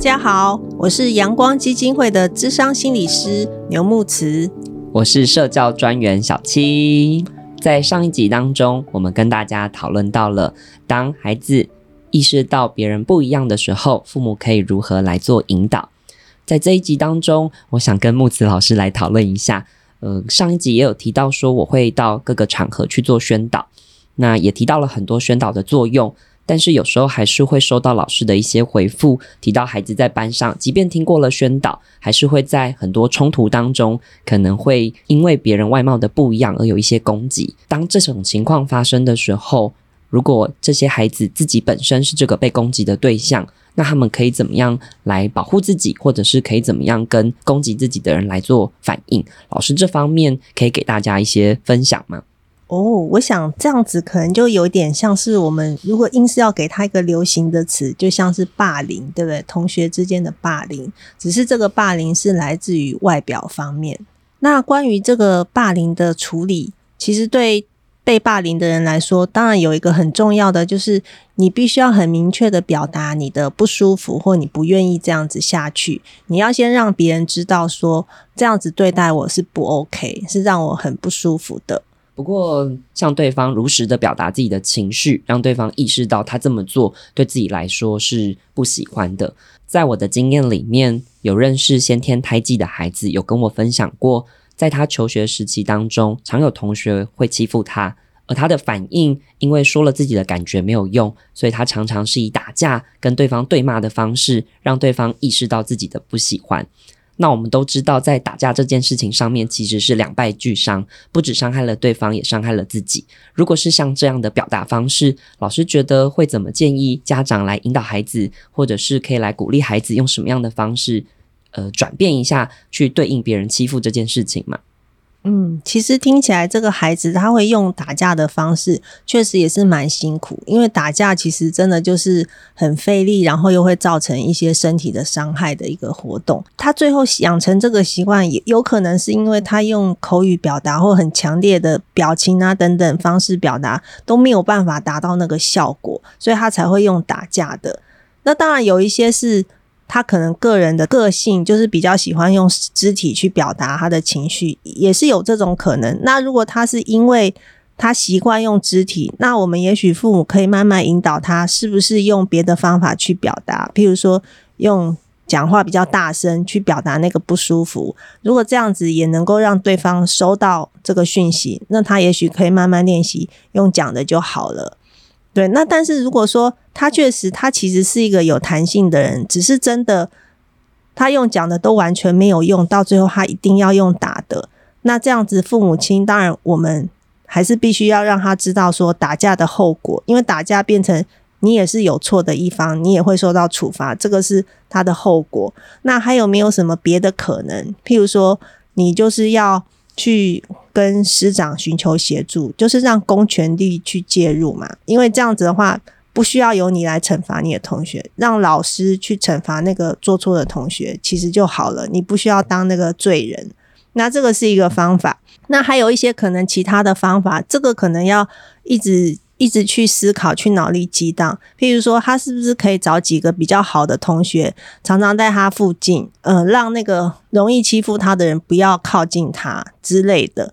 大家好，我是陽光基金會的諮商心理師牛慕慈，我是社教專員小七。在上一集當中，我們跟大家討論到了當孩子意識到別人不一樣的時候，父母可以如何來做引導。在這一集當中，我想跟慕慈老師來討論一下。嗯、呃，上一集也有提到說，我會到各個場合去做宣導，那也提到了很多宣導的作用。但是有時候還是會收到老師的一些回復，提到孩子在班上，即便聽過了宣導，還是會在很多衝突當中，可能會因為別人外貌的不一樣而有一些攻擊。當這種情況發生的時候，如果這些孩子自己本身是這個被攻擊的對象，那他們可以怎麼樣來保護自己，或者是可以怎麼樣跟攻擊自己的人來做反應？老師這方面可以給大家一些分享嗎？哦，我想這樣子可能就有點像是我們如果硬是要給他一個流行的詞，就像是霸凌，對不對？同學之間的霸凌，只是這個霸凌是來自於外表方面。那關於這個霸凌的處理，其實對被霸凌的人來說，當然有一個很重要的就是，你必須要很明確的表達你的不舒服，或你不願意這樣子下去。你要先讓別人知道說，這樣子對待我是不 OK，是讓我很不舒服的。不過，向對方如實的表達自己的情緒，讓對方意識到他這麼做對自己來說是不喜歡的。在我的經驗裡面，有認識先天胎記的孩子，有跟我分享過，在他求學時期當中，常有同學會欺負他，而他的反應，因為說了自己的感覺沒有用，所以他常常是以打架、跟對方對罵的方式，讓對方意識到自己的不喜歡。那我們都知道，在打架這件事情上面，其實是兩敗俱傷，不止傷害了對方，也傷害了自己。如果是像這樣的表達方式，老師覺得會怎麼建議家長來引導孩子，或者是可以來鼓勵孩子用什麼樣的方式，呃，轉變一下，去對應別人欺負這件事情嘛？嗯，其實聽起來這個孩子他會用打架的方式，確實也是蠻辛苦，因為打架其實真的就是很費力，然後又會造成一些身體的傷害的一個活動。他最後養成這個習慣，也有可能是因為他用口語表達或很強烈的表情啊等等方式表達都沒有辦法達到那個效果，所以他才會用打架的。那當然有一些是。他可能個人的個性就是比較喜歡用肢體去表達他的情緒，也是有這種可能。那如果他是因為他習慣用肢體，那我們也許父母可以慢慢引導他，是不是用別的方法去表達？譬如說用講話比較大聲去表達那個不舒服。如果這樣子也能夠讓對方收到這個訊息，那他也許可以慢慢練習用講的就好了。對，那但是如果說他確實，他其實是一個有彈性的人，只是真的，他用講的都完全沒有用，到最後他一定要用打的。那這樣子，父母親當然我們還是必須要讓他知道說打架的後果，因為打架變成你也是有錯的一方，你也會受到處罰，這個是他的後果。那還有沒有什麼別的可能？譬如說，你就是要。去跟師長尋求協助，就是讓公權力去介入嘛。因為這樣子的話，不需要由你來懲罰你的同學，讓老師去懲罰那個做錯的同學，其實就好了。你不需要當那個罪人。那這個是一個方法。那還有一些可能其他的方法，這個可能要一直。一直去思考，去腦力激盪。譬如說，他是不是可以找幾個比較好的同學，常常在他附近，嗯、呃，讓那個容易欺負他的人不要靠近他之類的，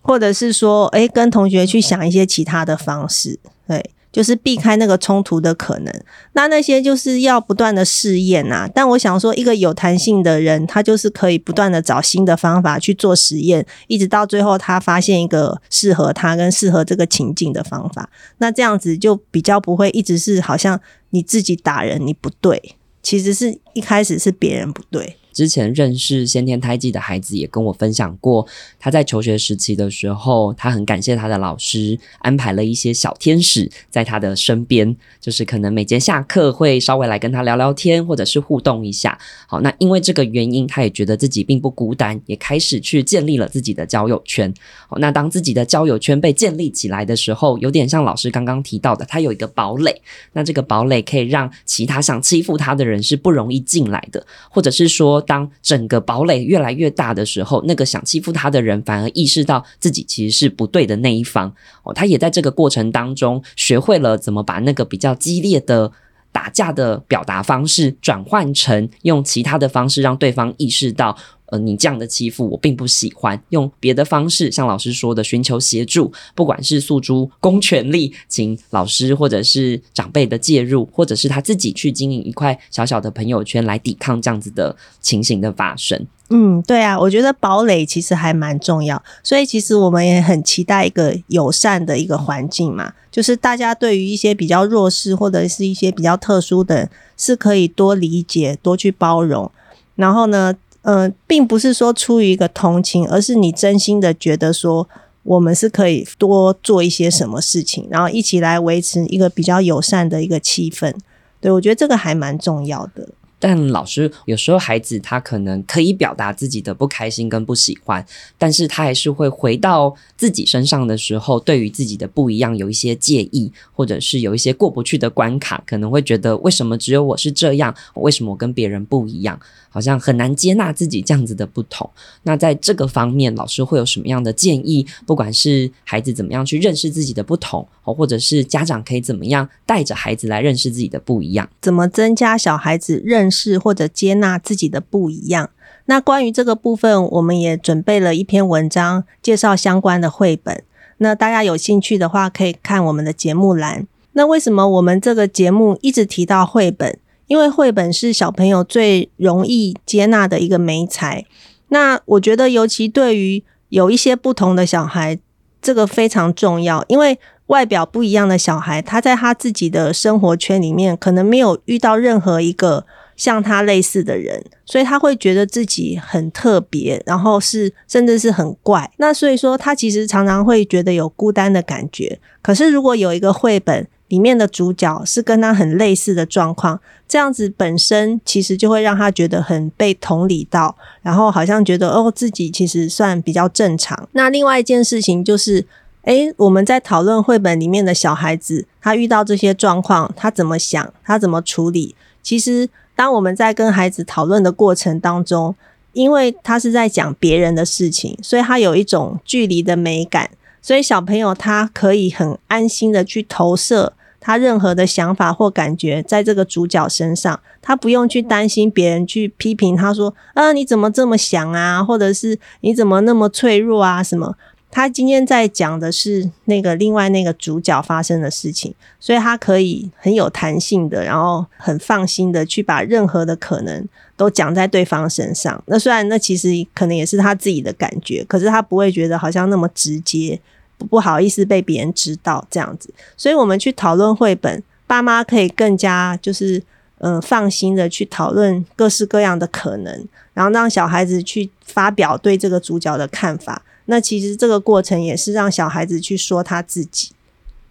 或者是說，誒、欸，跟同學去想一些其他的方式，對。就是避開那個衝突的可能，那那些就是要不斷的試驗啊。但我想說，一個有彈性的人，他就是可以不斷的找新的方法去做實驗，一直到最後他發現一個適合他跟適合這個情境的方法。那這樣子就比較不會一直是好像你自己打人，你不對，其實是一開始是別人不對。之前認識先天胎記的孩子也跟我分享過，他在求學時期的時候，他很感謝他的老師安排了一些小天使在他的身邊，就是可能每節下課會稍微來跟他聊聊天，或者是互動一下。好，那因為這個原因，他也覺得自己並不孤單，也開始去建立了自己的交友圈。好，那當自己的交友圈被建立起來的時候，有點像老師剛剛提到的，他有一個堡壘，那這個堡壘可以讓其他想欺負他的人是不容易進來的，或者是說，當整個堡壘越來越大的時候，那個想欺負他的人反而意識到自己其實是不對的那一方哦，他也在這個過程當中學會了怎麼把那個比較激烈的打架的表達方式轉換成用其他的方式讓對方意識到。呃，你這樣的欺負我並不喜歡。用別的方式，像老師說的，尋求協助，不管是訴諸公權力，請老師或者是長輩的介入，或者是他自己去經營一塊小小的朋友圈來抵抗這樣子的情形的發生。嗯，對啊，我覺得堡壘其實還蠻重要。所以其實我們也很期待一個友善的一個環境嘛，就是大家對於一些比較弱勢，或者是一些比較特殊的，是可以多理解、多去包容。然後呢，嗯、呃，並不是說出於一個同情，而是你真心的覺得說，我們是可以多做一些什麼事情，然後一起來維持一個比較友善的一個氣氛。對，我覺得這個還蠻重要的。但老師，有時候孩子他可能可以表達自己的不開心跟不喜歡，但是他還是會回到自己身上的時候，對於自己的不一樣有一些介意，或者是有一些過不去的關卡，可能會覺得為什麼只有我是這樣，為什麼我跟別人不一樣，好像很難接納自己這樣子的不同。那在這個方面，老師會有什麼樣的建議？不管是孩子怎麼樣去認識自己的不同，或者是家長可以怎麼樣帶着孩子來認識自己的不一樣，怎麼增加小孩子認識。是或者接納自己的不一樣。那關於這個部分，我們也準備了一篇文章，介紹相關的繪本。那大家有興趣的話，可以看我們的節目欄。那為什麼我們這個節目一直提到繪本？因為繪本是小朋友最容易接納的一個媒材。那我覺得，尤其對於有一些不同的小孩，這個非常重要。因為外表不一樣的小孩，他在他自己的生活圈裡面，可能沒有遇到任何一個。像他類似的人，所以他會覺得自己很特別，然後是甚至是很怪。那所以說，他其實常常會覺得有孤單的感覺。可是如果有一個繪本裡面的主角是跟他很類似的狀況，這樣子本身其實就會讓他覺得很被同理到，然後好像覺得哦，自己其實算比較正常。那另外一件事情就是，誒、欸，我們在討論繪本裡面的小孩子，他遇到這些狀況，他怎麼想，他怎麼處理，其實。當我們在跟孩子討論的過程當中，因為他是在講別人的事情，所以他有一種距離的美感，所以小朋友他可以很安心的去投射他任何的想法或感覺在這個主角身上，他不用去擔心別人去批評他說，啊，你怎麼這麼想啊，或者是你怎麼那麼脆弱啊什麼。他今天在講的是那個另外那個主角發生的事情，所以他可以很有彈性的，然後很放心的去把任何的可能都講在對方身上。那雖然那其實可能也是他自己的感覺，可是他不會覺得好像那麼直接，不好意思被別人知道這樣子。所以我們去討論繪本，爸媽可以更加就是，嗯，呃，放心的去討論各式各樣的可能，然後讓小孩子去發表對這個主角的看法。那其實這個過程也是讓小孩子去說他自己，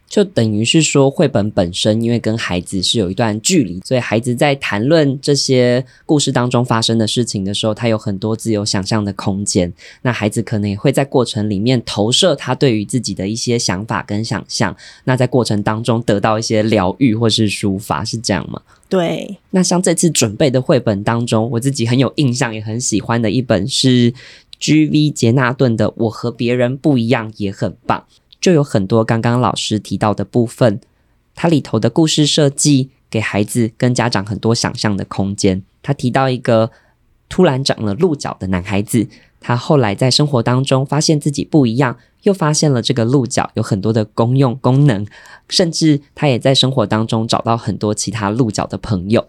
就等於是說，繪本本身，因為跟孩子是有一段距離，所以孩子在談論這些故事當中發生的事情的時候，他有很多自由想象的空間。那孩子可能也會在過程裡面投射他對於自己的一些想法跟想象。那在過程當中得到一些療癒或是抒發，是這樣嗎？對。那像這次準備的繪本當中，我自己很有印象也很喜歡的一本是。G.V. 傑納頓的《我和別人不一樣》也很棒，就有很多剛剛老師提到的部分。它裡頭的故事設計，給孩子跟家長很多想象的空間。他提到一個突然長了鹿角的男孩子，他後來在生活當中發現自己不一樣，又發現了這個鹿角有很多的功用功能，甚至他也在生活當中找到很多其他鹿角的朋友。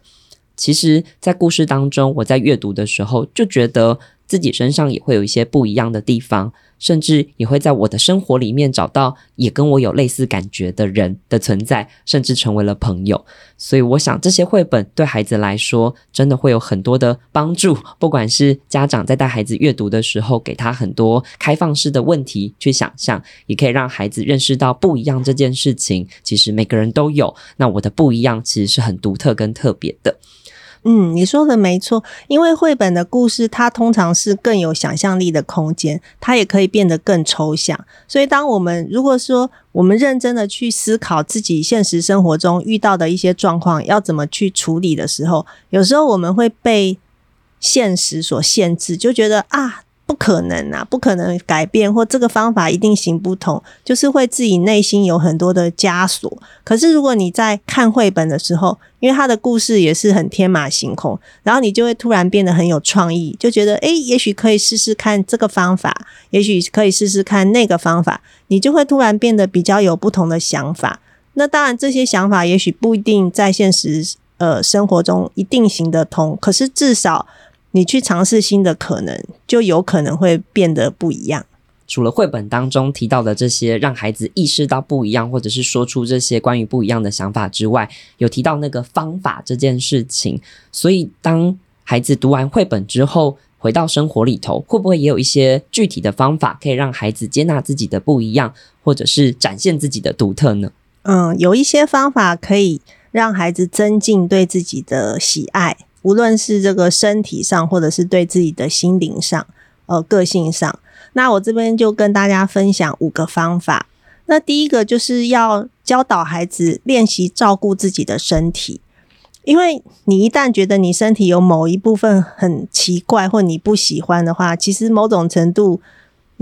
其實，在故事當中，我在閱讀的時候就覺得。自己身上也會有一些不一樣的地方，甚至也會在我的生活裡面找到也跟我有類似感覺的人的存在，甚至成為了朋友。所以，我想這些繪本對孩子來說，真的會有很多的幫助。不管是家長在帶孩子閱讀的時候，給他很多開放式的問題去想象，也可以讓孩子認識到不一樣這件事情。其實每個人都有，那我的不一樣其實是很獨特跟特別的。嗯，你說的沒錯，因為繪本的故事，它通常是更有想象力的空間，它也可以變得更抽象。所以，當我們如果說我們認真的去思考自己現實生活中遇到的一些狀況要怎麼去處理的時候，有時候我們會被現實所限制，就覺得啊。不可能啊！不可能改變，或這個方法一定行不通，就是會自己內心有很多的枷鎖。可是如果你在看繪本的時候，因為他的故事也是很天馬行空，然後你就會突然變得很有創意，就覺得誒、欸，也許可以試試看這個方法，也許可以試試看那個方法，你就會突然變得比較有不同的想法。那當然，這些想法也許不一定在現實，呃，生活中一定行得通，可是至少。你去嘗試新的可能，就有可能會變得不一樣。除了繪本當中提到的這些，讓孩子意識到不一樣，或者是說出這些關於不一樣的想法之外，有提到那個方法這件事情。所以，當孩子讀完繪本之後，回到生活裡頭，會不會也有一些具體的方法，可以讓孩子接納自己的不一樣，或者是展現自己的獨特呢？嗯，有一些方法可以讓孩子增進對自己的喜愛。無論是這個身體上，或者是對自己的心靈上，呃，個性上，那我這邊就跟大家分享五個方法。那第一個就是要教導孩子練習照顧自己的身體，因為你一旦覺得你身體有某一部分很奇怪，或你不喜歡的話，其實某種程度。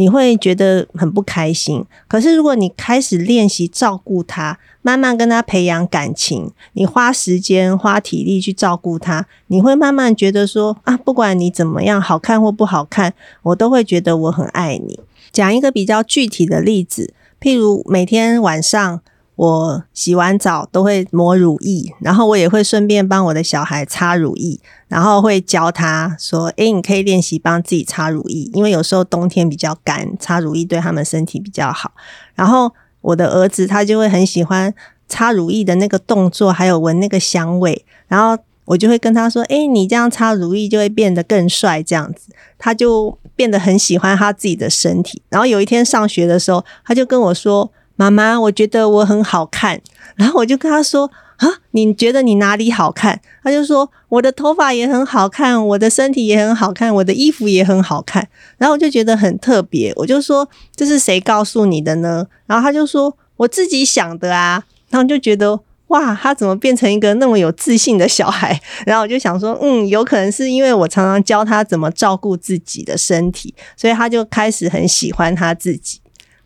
你會覺得很不開心，可是如果你開始練習照顧他，慢慢跟他培養感情，你花時間花體力去照顧他，你會慢慢覺得說啊，不管你怎麼樣好看或不好看，我都會覺得我很愛你。講一個比較具體的例子，譬如每天晚上。我洗完澡都會抹乳液，然後我也會順便幫我的小孩擦乳液，然後會教他說：“欸，你可以練習幫自己擦乳液，因為有時候冬天比較乾，擦乳液對他們身體比較好。”然後我的兒子他就會很喜歡擦乳液的那個動作，還有聞那個香味，然後我就會跟他說：“欸，你這樣擦乳液就會變得更帥，這樣子。”他就變得很喜歡他自己的身體。然後有一天上學的時候，他就跟我說。媽媽，我覺得我很好看。然後我就跟他說：“啊，你覺得你哪裡好看？”他就說：“我的頭髮也很好看，我的身體也很好看，我的衣服也很好看。”然後我就覺得很特別，我就說：“這是誰告訴你的呢？”然後他就說：“我自己想的啊。”然後我就覺得哇，他怎麼變成一個那麼有自信的小孩？然後我就想說，嗯，有可能是因為我常常教他怎麼照顧自己的身體，所以他就開始很喜歡他自己。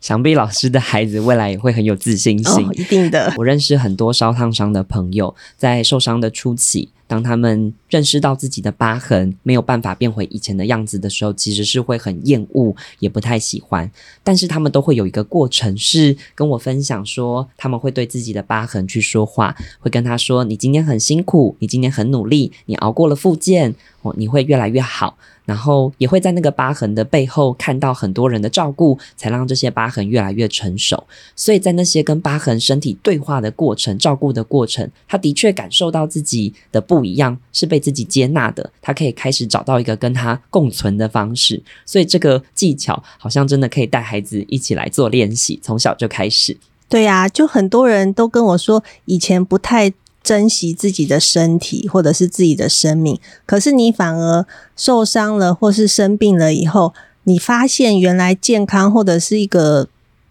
想必老師的孩子未來也會很有自信心，哦，一定的。我認識很多燒燙傷的朋友，在受傷的初期，當他們認識到自己的疤痕沒有辦法變回以前的樣子的時候，其實是會很厭惡，也不太喜歡。但是他們都會有一個過程是，是跟我分享說，他們會對自己的疤痕去說話，會跟他說：“你今天很辛苦，你今天很努力，你熬過了復健，哦，你會越來越好。”然後也會在那個疤痕的背後看到很多人的照顧，才讓這些疤痕越來越成熟。所以在那些跟疤痕身體對話的過程、照顧的過程，他的確感受到自己的不一樣，是被自己接納的。他可以開始找到一個跟他共存的方式。所以這個技巧好像真的可以帶孩子一起來做練習，從小就開始。對呀、啊，就很多人都跟我說，以前不太。珍惜自己的身體或者是自己的生命，可是你反而受傷了或是生病了以後，你發現原來健康或者是一個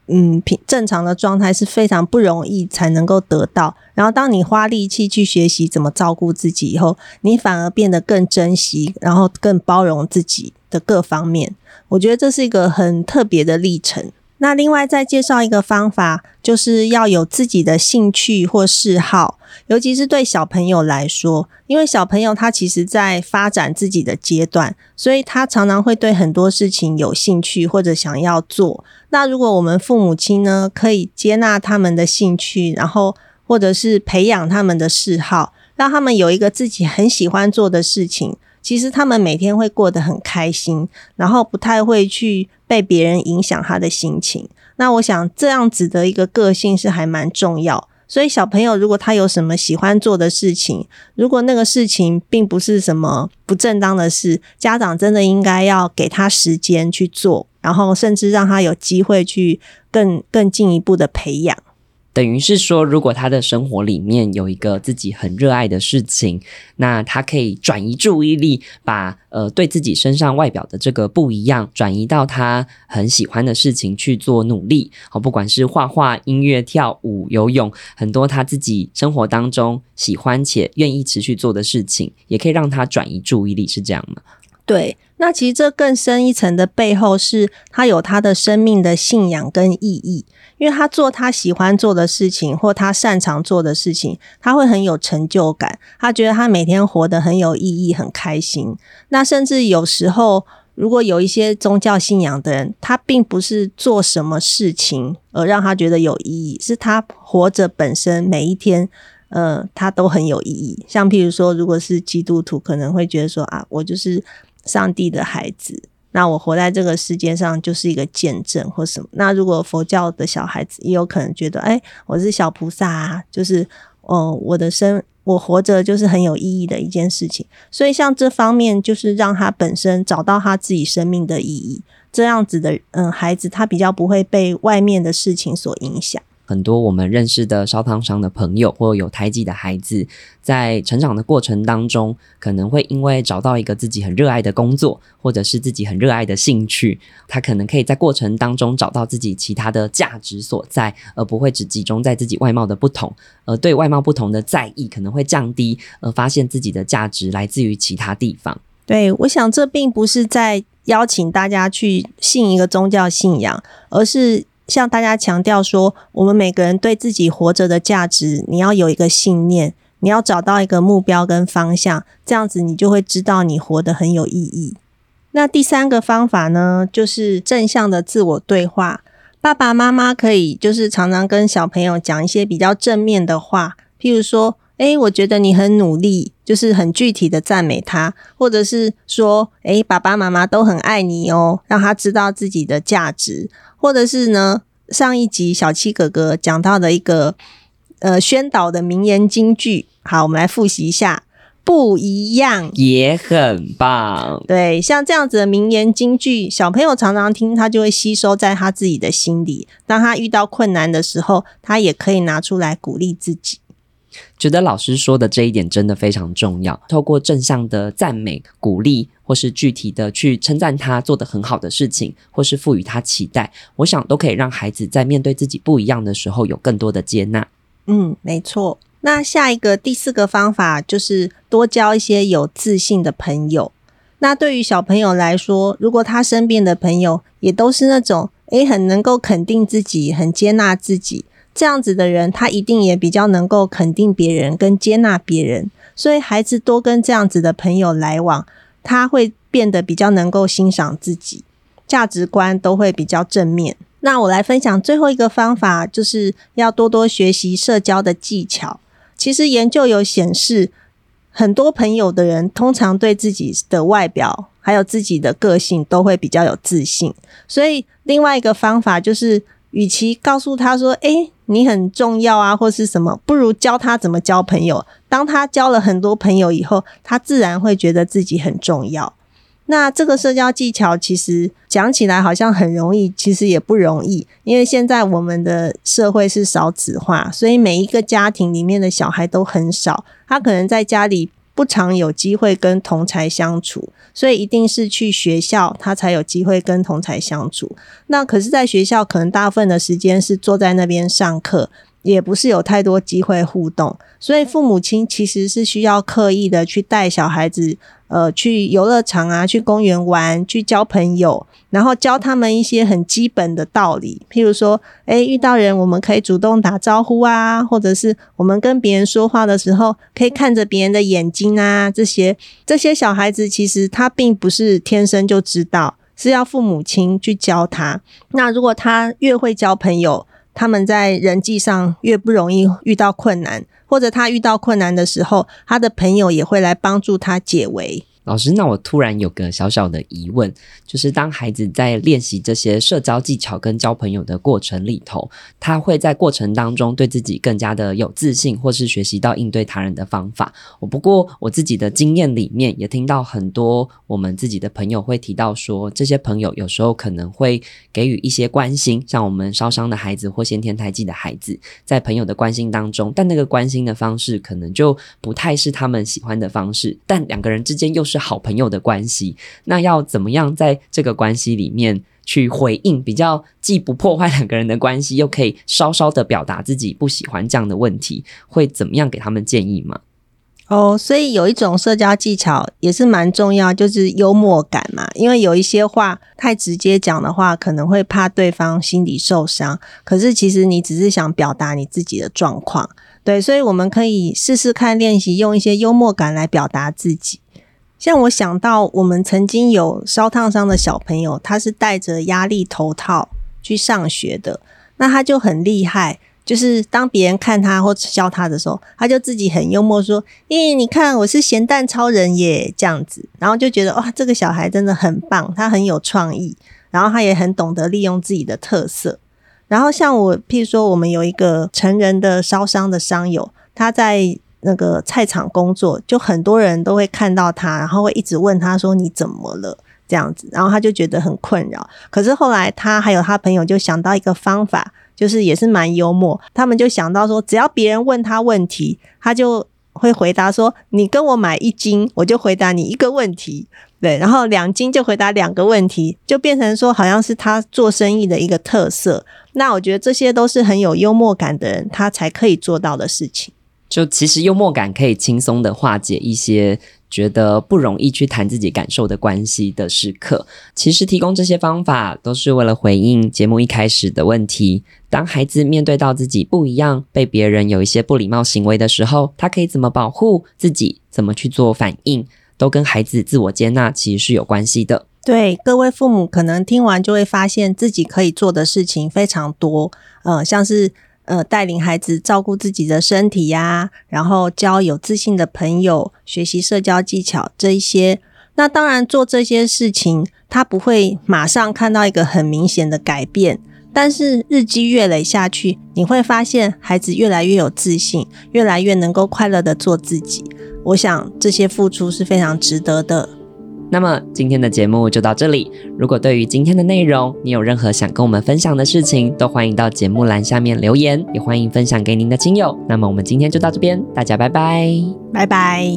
嗯平正常的狀態是非常不容易才能夠得到。然後當你花力氣去學習怎麼照顧自己以後，你反而變得更珍惜，然後更包容自己的各方面。我覺得這是一個很特別的歷程。那另外再介紹一個方法，就是要有自己的興趣或嗜好。尤其是對小朋友來說，因為小朋友他其實在發展自己的階段，所以他常常會對很多事情有興趣或者想要做。那如果我們父母親呢，可以接納他們的興趣，然後或者是培養他們的嗜好，讓他們有一個自己很喜歡做的事情，其實他們每天會過得很開心，然後不太會去被別人影響他的心情。那我想這樣子的一個個性是還蠻重要。所以，小朋友如果他有什麼喜歡做的事情，如果那個事情並不是什麼不正當的事，家長真的應該要給他時間去做，然後甚至讓他有機會去更，更進一步的培養。等於是說，如果他的生活裡面有一個自己很熱愛的事情，那他可以轉移注意力，把呃對自己身上外表的這個不一樣轉移到他很喜歡的事情去做努力。好，不管是畫畫、音樂、跳舞、游泳，很多他自己生活當中喜歡且願意持續做的事情，也可以讓他轉移注意力，是這樣嗎？對。那其實這更深一層的背後是他有他的生命的信仰跟意義，因為他做他喜歡做的事情或他擅長做的事情，他會很有成就感，他覺得他每天活得很有意義，很開心。那甚至有時候，如果有一些宗教信仰的人，他並不是做什麼事情而讓他覺得有意義，是他活着本身每一天，呃，他都很有意義。像譬如說，如果是基督徒，可能會覺得說啊，我就是。上帝的孩子，那我活在這個世界上就是一個見證或什麼。那如果佛教的小孩子也有可能覺得，哎、欸，我是小菩薩啊，就是，嗯，我的生，我活着就是很有意義的一件事情。所以像這方面，就是讓他本身找到他自己生命的意義，這樣子的，嗯，孩子他比較不會被外面的事情所影響。很多我們認識的燒燙傷的朋友，或有胎記的孩子，在成長的過程當中，可能會因為找到一個自己很熱愛的工作，或者是自己很熱愛的興趣，他可能可以在過程當中找到自己其他的價值所在，而不會只集中在自己外貌的不同，而對外貌不同的在意可能會降低，而發現自己的價值來自於其他地方。對，我想這並不是在邀請大家去信一個宗教信仰，而是。向大家強調說，我們每個人對自己活着的價值，你要有一個信念，你要找到一個目標跟方向，這樣子你就會知道你活得很有意義。那第三個方法呢，就是正向的自我對話。爸爸媽媽可以就是常常跟小朋友講一些比較正面的話，譬如說。哎、欸，我覺得你很努力，就是很具體的讚美他，或者是說，哎、欸，爸爸媽媽都很愛你哦，讓他知道自己的價值，或者是呢，上一集小七哥哥講到的一個呃宣導的名言警句，好，我們來複習一下，不一樣也很棒，對，像這樣子的名言警句，小朋友常常聽，他就會吸收在他自己的心裡，當他遇到困難的時候，他也可以拿出來鼓勵自己。覺得老師說的這一點真的非常重要。透過正向的讚美、鼓勵，或是具體的去稱讚他做得很好的事情，或是賦予他期待，我想都可以讓孩子在面對自己不一樣的時候有更多的接納。嗯，沒錯。那下一個第四個方法就是多交一些有自信的朋友。那對於小朋友來說，如果他身邊的朋友也都是那種，誒，很能夠肯定自己，很接納自己。這樣子的人，他一定也比較能夠肯定別人跟接納別人，所以孩子多跟這樣子的朋友來往，他會變得比較能夠欣賞自己，價值觀都會比較正面。那我來分享最後一個方法，就是要多多學習社交的技巧。其實研究有顯示，很多朋友的人通常對自己的外表還有自己的個性都會比較有自信，所以另外一個方法就是。與其告訴他說“誒，你很重要啊”或是什麼，不如教他怎麼交朋友。當他交了很多朋友以後，他自然會覺得自己很重要。那這個社交技巧其實講起來好像很容易，其實也不容易，因為現在我們的社會是少子化，所以每一個家庭裡面的小孩都很少，他可能在家裡。不常有機會跟同儕相處，所以一定是去學校，他才有機會跟同儕相處。那可是，在學校可能大部分的時間是坐在那邊上課。也不是有太多機會互動，所以父母親其實是需要刻意的去帶小孩子，呃，去遊樂場啊，去公園玩，去交朋友，然後教他們一些很基本的道理，譬如說，哎、欸，遇到人我們可以主動打招呼啊，或者是我們跟別人說話的時候可以看着別人的眼睛啊，這些這些小孩子其實他並不是天生就知道，是要父母親去教他。那如果他越會交朋友，他們在人際上越不容易遇到困難，或者他遇到困難的時候，他的朋友也會來幫助他解圍。老師，那我突然有個小小的疑問，就是當孩子在練習這些社交技巧跟交朋友的過程裡頭，他會在過程當中對自己更加的有自信，或是學習到應對他人的方法。我不過我自己的經驗裡面也聽到很多我們自己的朋友會提到說，這些朋友有時候可能會給予一些關心，像我們燒傷的孩子或先天胎記的孩子，在朋友的關心當中，但那個關心的方式可能就不太是他們喜歡的方式，但兩個人之間又是。是好朋友的關係，那要怎麼樣在這個關係裡面去回應，比較既不破壞兩個人的關係，又可以稍稍的表達自己不喜歡這樣的問題，會怎麼樣給他們建議嗎？哦，oh, 所以有一種社交技巧也是蠻重要，就是幽默感嘛。因為有一些話太直接講的話，可能會怕對方心裡受傷。可是其實你只是想表達你自己的狀況，對，所以我們可以試試看練習用一些幽默感來表達自己。像我想到，我們曾經有燒燙傷的小朋友，他是戴着壓力頭套去上學的，那他就很厲害。就是當別人看他或笑他的時候，他就自己很幽默說：“咦、欸，你看我是鹹蛋超人耶！”這樣子，然後就覺得哇，這個小孩真的很棒，他很有創意，然後他也很懂得利用自己的特色。然後像我，譬如說，我們有一個成人的燒傷的傷友，他在那個菜場工作，就很多人都會看到他，然後會一直問他說：“你怎麼了？”這樣子，然後他就覺得很困擾。可是後來他還有他朋友就想到一個方法，就是也是蠻幽默。他們就想到說，只要別人問他問題，他就會回答說：“你跟我買一斤，我就回答你一個問題。”對，然後兩斤就回答兩個問題，就變成說好像是他做生意的一個特色。那我覺得這些都是很有幽默感的人，他才可以做到的事情。就其實幽默感可以輕鬆的化解一些覺得不容易去談自己感受的關係的時刻。其實提供這些方法都是為了回應節目一開始的問題。當孩子面對到自己不一樣，被別人有一些不禮貌行為的時候，他可以怎麼保護自己，怎麼去做反應，都跟孩子自我接納其實是有關係的。對，各位父母可能聽完就會發現自己可以做的事情非常多。呃，像是。呃，帶領孩子照顧自己的身體呀、啊，然後交有自信的朋友，學習社交技巧這一些。那當然做這些事情，他不會馬上看到一個很明顯的改變，但是日積月累下去，你會發現孩子越來越有自信，越來越能夠快樂的做自己。我想這些付出是非常值得的。那麼今天的節目就到這裡。如果對於今天的內容，你有任何想跟我們分享的事情，都歡迎到節目欄下面留言，也歡迎分享給您的親友。那麼我們今天就到這邊，大家拜拜，拜拜。